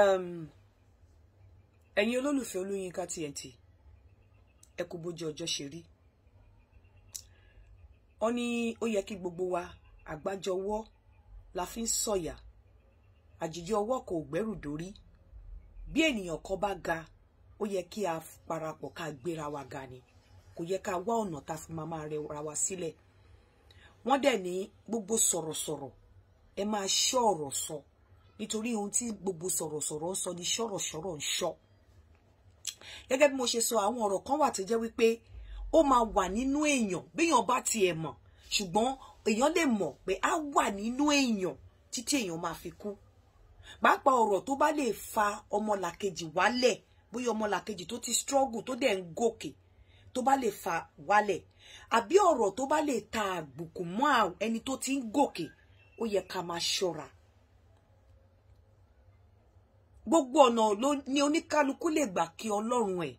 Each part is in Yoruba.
Um, ẹ̀yin olólùfẹ́ olóyinka TNT ẹ kú bójú ọjọ́ ṣe rí ó ní ó yẹ kí gbogbo wa àgbájọwọ́ la fi ń sọ̀yà àjíjọ ọwọ́ kò gbẹ́rù dórí bí ènìyàn kan bá ga ó yẹ kí a parapọ̀ ká gbéra wa ga ni kò yẹ ká wá ọ̀nà tá a fi máa máa rẹ ra wa sílẹ̀ wọ́n dẹ̀ ní gbogbo sọ̀rọ̀sọ̀rọ̀ ẹ máa ṣọ́ ọ̀rọ̀ sọ. So nítorí ohun tí gbogbo sọ̀rọ̀sọ̀rọ̀ sọ ni ṣọ̀rọ̀ṣọ̀rọ̀ ń sọ gẹ́gẹ́ bí mo ṣe sọ àwọn ọ̀rọ̀ kan wà tó jẹ́ wípé ó máa wà nínú èèyàn béèyàn bá tiẹ̀ mọ̀ ṣùgbọ́n èèyàn lè mọ̀ pé á wà nínú èèyàn títí èèyàn máa fi kú pàápàá ọ̀rọ̀ tó bá lè fa ọmọlàkejì wálẹ̀ bóyá ọmọlàkejì tó ti struggle tó dẹ̀ ń gòkè tó bá lè fa wálẹ̀ àbí ọ̀rọ̀ tó bá lè ta àbùkù mọ́ ẹni tó ti ń gòkè ó yẹ ká máa ṣọ́ra gbogbo ọ̀nà ló ní oníkálukú lè gbà kí ọlọ́run ẹ̀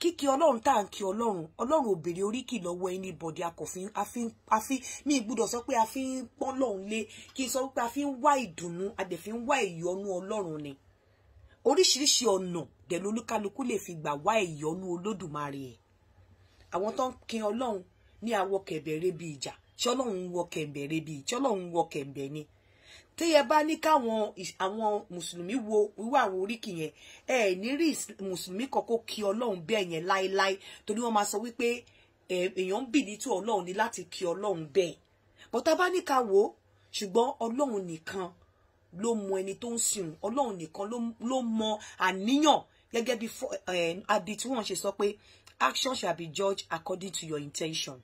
kíkí ọlọ́run tá à ń kí ọlọ́run ọlọ́run ò béèrè oríkì lọ́wọ́ ẹni bọ̀dẹ̀ akọ̀fin àfi mi gbúdọ̀ sọ pé a fi ń pọ́n lọ́run lé kí n sọ pé a fi ń wá ìdùnnú a dẹ̀ fi ń wá ìyọ́nú ọlọ́run ni oríṣiríṣi ọ̀nà dẹ̀ lolúkálukú lè fi gbà wá ìyọ́nú olódùmarè ẹ̀ àwọn tó ń kin ọlọ́run ní àwọ̀ kẹ̀bẹ̀rẹ̀ bíi ìjà tí ọlọ́run wọ kẹ̀bẹ̀rẹ̀ bíi tí wọ kẹ̀bẹ̀ ni tí ẹ bá ní káwọn àwọn mùsùlùmí wo wíwá àwọn oríkì yẹn ẹ ní rí mùsùlùmí kọ́kọ́ kí ọlọ́run bẹ́ẹ̀ yẹn láéláé torí wọ́n máa sọ wípé èèyàn ń bì nítú ọlọ́run ní láti kí ọlọ́run bẹ́ẹ̀ bọ́tá bá ní ká wò ó ṣùgbọ́n ọlọ́run nìkan ló mọ ẹni tó ń sìn ọlọ́run nìkan ló mọ àníyàn gẹ́gẹ́ bí adi tí wọ́n ṣe sọ pé action shall be judged according to your intention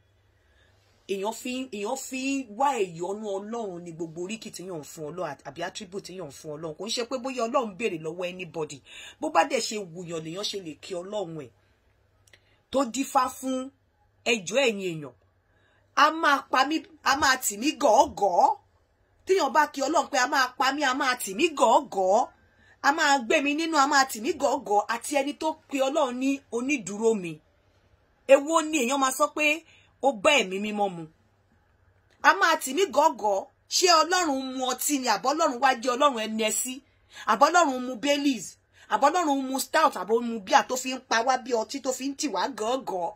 èèyàn fi èèyàn fi wá ìyọ́nú ọlọ́run ní gbogbo oríkì tí yàn ń fún ọlọ́run àbí attribute tí yàn ń fún ọlọ́run kò ń ṣe pé bóyá ọlọ́run béèrè lọ́wọ́ anybody bó bá dẹ̀ ṣe wùyàn lèèyàn ṣe lè kí ọlọ́run ẹ̀ tó dífá fún ẹjọ́ ẹ̀yìn èèyàn a máa pa mí a máa tì mí gọ̀ọ́gọ̀ọ́ téèyàn bá kí ọlọ́run pé a máa pa mí a máa tì mí gọ̀ọ́gọ̀ọ́ a máa gbé mi nínú a máa tì mí gọ̀ọ́gọ̀ọ́ àti ẹni tó pe ọlọ́run ní onídùúró mi èwo ni èèyàn máa sọ pé ó bá ẹ̀mí mímọ́ mu a máa tì mí gọ́gọ́ ṣé ọlọ́run mu ọtí ni àbọ́lọ́run wá jẹ́ ọlọ́run ẹni ẹsí àbọ́lọ́run mu baileys àbọ́lọ́run mu stout àbọ́ mu bíà tó fi ń pa wá bí ọtí tó fi ń tì wá gọ́gọ́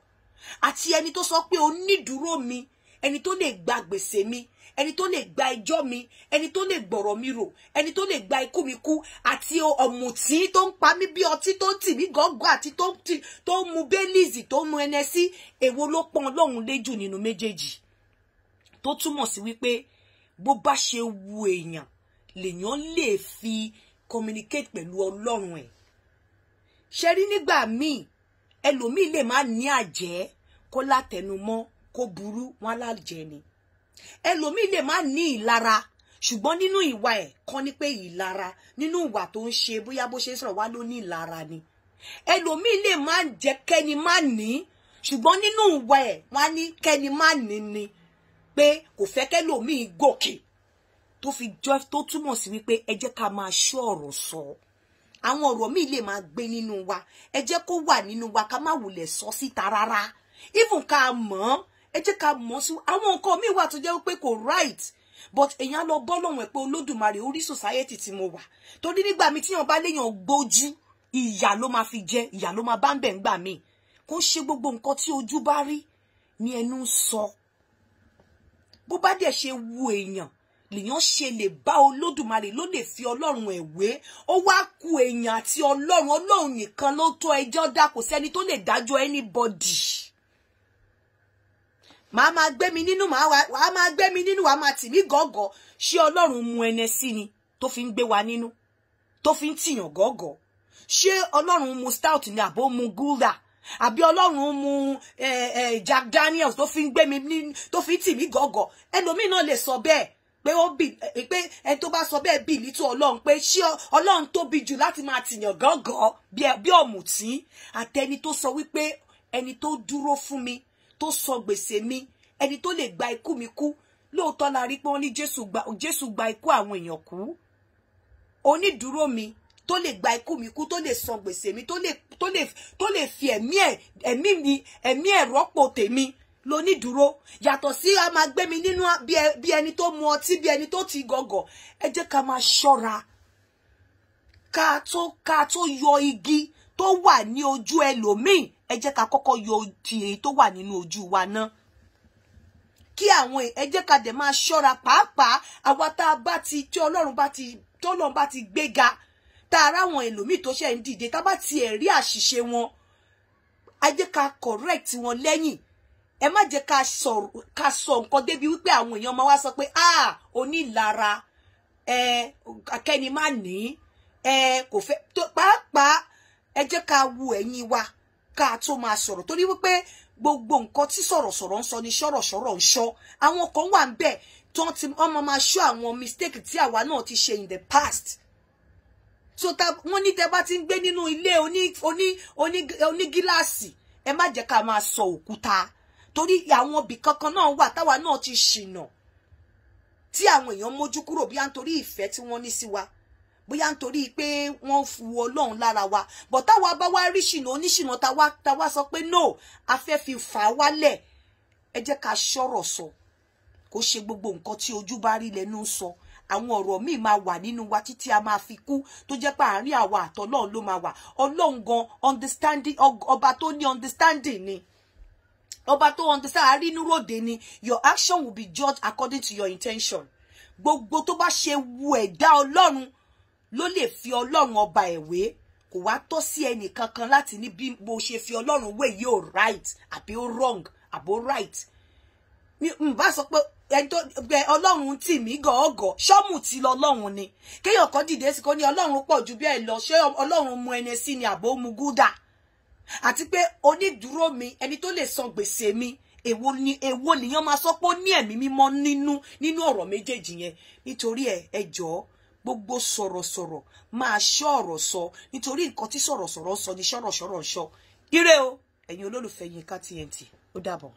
àti ẹni tó sọ pé onídùúró mi ẹni tó lè gba gbèsè mi ẹni tó lè gba ẹjọ́ mi ẹni tó lè gbọ̀rọ̀ mi rò ẹni tó lè gba ikú mi kú àti ọ̀mùtí tó ń pa mí bí ọtí tó ń tì mí gọ́ngọ́ àti tó ń mu bẹ́líìsì tó ń mu ẹnẹsí èwo ló pọn ọlọ́run léjù nínú méjèèjì tó túmọ̀ sí wípé bó bá ṣe wu èèyàn lèèyàn lè fi communicate pẹ̀lú ọlọ́run ẹ̀ ṣe rí nígbà míì ẹlòmíì lè má ní àjẹ́ kó látẹnumọ́ kó burú wọn alájẹ ni ẹlòmíì lè má ní ìlara ṣùgbọ́n nínú ìwà ẹ̀ kọ́ ni pé ìlara nínú ìwà tó ń ṣe bóyá bó ṣe ń sọ̀rọ̀ wá ló ní ìlara ni ẹlòmíì lè má jẹ́ kẹ́ni má ní ṣùgbọ́n nínú ìwà ẹ̀ wọ́n á ní kẹ́ni má ní ni pé kò fẹ́ kẹ́lòmíì gòkè tó fi jọ tó túmọ̀ sí wípé ẹ jẹ́ ká máa ṣọ́ ọ̀rọ̀ sọ àwọn ọ̀rọ̀ míì lè máa gbé nínú wa ẹ jẹ́ kó wà nínú wa ká má wulẹ̀ sọ síta rárá even ká ọ́ ẹ jẹ́ ká mọ̀ sí àwọn nǹkan míì wà tó jẹ́ pé kò right but èèyàn lọ bọ́ lọ́wọ́ ẹ̀ pé olódùmarè orí society tí mo wà torí nígbà mi tíyàn bá léèyàn gbójú ìyà ló máa fi jẹ ìyà ló máa bá ń bẹ̀ ń gbà mí kó ṣe gbogbo nǹkan tí ojú bá rí ni ẹnu ń sọ bó bá dẹ̀ ṣe wu èèyàn lèèyàn ṣe lè bá olódùmarè ló lè fi ọlọ́run ẹ̀ wé ó wá ku èèyàn àti ọlọ́run ọlọ́run nìkan ló tó ẹjọ́ dá kò sẹ́ni tó lè dájọ́ anybody màá máa gbé mi nínú wàá máa gbé mi nínú wàá máa tì mí gọ́gọ́ ṣé ọlọ́run mu ẹnẹ sí ni tó fi ń gbé wa nínú tó fi ń tìyàn gọ́gọ́ ṣé ọlọ́run mu stout ni àbó mu gúldà àbí ọlọ́run mu Jack Daniels tó fi ń gbé mi tó fi ń tì mí gọ́gọ́ ẹlòmíì náà lè sọ bẹ́ẹ̀ pé ó bì pé ẹni tó bá sọ bẹ́ẹ̀ bì lítú ọlọ́run pé ṣé ọlọ́run tóbi jù láti máa tìyàn gángan bí ọ̀mùtí àtẹni tó sọ wípé ẹni tó sọ gbèsè mi ẹni tó lè gba ikú mi kú lóòótọ́ la rí pé wọ́n ní jésù gba jésù gba ikú àwọn èèyàn kú onídùúró mi tó lè gba ikú mi kú tó lè san gbèsè mi tó lè fi ẹ̀mí mi ẹ̀mí ẹ̀ rọ́pò tèmi lónídùúró yàtọ̀ sí a máa gbé mi nínú bí ẹni tó mu ọtí bí ẹni tó ti gọ̀gọ̀ ẹ jẹ́ ká máa ṣọ́ra ká tó ká tó yọ igi tó wà ní ojú ẹlòmíì ẹ jẹ́ ká kọ́kọ́ yọ ti èyí tó wà nínú ojú wa náà kí àwọn ẹ jẹ́ ká dẹ̀ máa ṣọ́ra pàápàá àwa tá a bá ti tí ọlọ́run bá ti tọ́lọ́run bá ti gbéga tá a ráwọn ẹlòmíì tó ṣe ń dìde tá a bá tiẹ̀ rí àṣìṣe wọn a ká correct wọn lẹ́yìn ẹ má jẹ́ ká sọ̀rọ̀ ká sọ nǹkan débi wípé àwọn èèyàn máa wá sọ pé ah onílara ẹ akẹ́ni má ní ẹ kò fẹ́ pàápàá ẹ jẹ́ ká wu ẹ̀yìn wa ká tó máa sọ̀rọ̀ torí wípé gbogbo nǹkan tí sọ̀rọ̀sọ̀rọ̀ ń sọ ni sọ̀rọ̀sọ̀rọ̀ ń sọ àwọn kan wà ń bẹ̀ tí wọ́n ti ọmọ máa ṣọ́ àwọn mistake tí àwa náà ti ṣe in the past so ta wọ́n ní tẹ́ bá ti ń gbé nínú ilé oní oní oní onígíláàsì ẹ má jẹ́ ká máa sọ òkúta torí àwọn ibì kankan náà wà táwa náà ti ṣìnà tí àwọn èèyàn mójú kúrò bí à ń torí ìfẹ́ tí wọ́n ní sí wa bóyá nítorí pé wọ́n fu ọlọ́run lára wa bọ̀ táwa bá wá rí ṣìnà oníṣìnà táwa sọ pé no a fẹ́ fi fà á wálẹ̀ ẹ jẹ́ ká ṣọ́rọ̀ sọ kó ṣe gbogbo nǹkan tí ojú bá rí lẹ́nu sọ àwọn ọ̀rọ̀ míì máa wà nínú wa títí a máa fi kú tó jẹ́ pé àárín àwa àtọ́lọ́run ló máa wà ọlọ́run gan ọba tó ní understanding ni ọba tó understand àárínú ròde ni your action will be judged according to your intention gbogbo tó bá ṣe wu ẹ̀dá ọlọ́run ló lè fi ọlọ́run ọba ẹ̀wé kò wá tọ́ sí ẹnì kankan láti ní bí mo ṣe fi ọlọ́run wé yìí ó right àbí ó wrong àbó right n bá sọ pé ẹjọ gbẹ ọlọ́run tì mí gọ̀ọ́gọ̀ ṣọ́mù ti lọ ọlọ́run ni kéèyàn kan dìde sí kó ní ọlọ́run pọ̀ ju bẹ́ẹ̀ lọ ṣé ọlọ́run mu ẹni sí ni àbó mu gúdà àti pé onídùúró mi ẹni tó lè san gbèsè mi èwo ni èwo nìyẹn máa sọ pé ó ní ẹ̀mí mímọ́ nínú nínú ọ̀rọ̀ méjèèjì yẹn nítorí ẹ ẹ jọ̀ọ́ gbogbo sọ̀rọ̀sọ̀rọ̀ máa ṣọ́ ọ̀rọ̀ sọ nítorí nǹkan tí sọ̀rọ̀sọ̀rọ̀ sọ ni ṣọ̀rọ̀ṣọ̀rọ̀ ń ire o ẹ̀yin olólùfẹ́ Yinka TNT ó dàbọ̀.